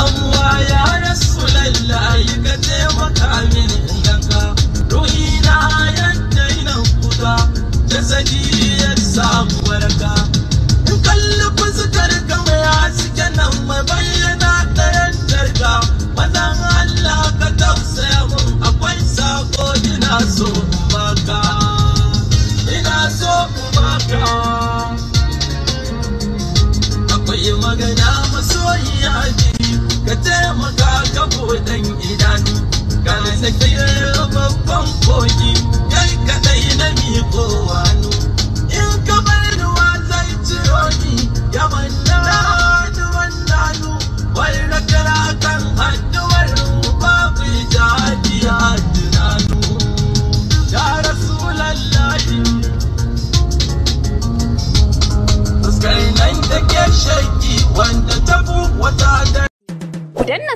Allah ya Rasulallah ka taimaka mini yanka ruhina yadda ina da jasadi ya samu waraka in kalli fuskar ka mai haske nan mai bayyana ta yadda ka mazan Allah ka tausaya mun akwai sako ina so baka ina akwai magana they, they,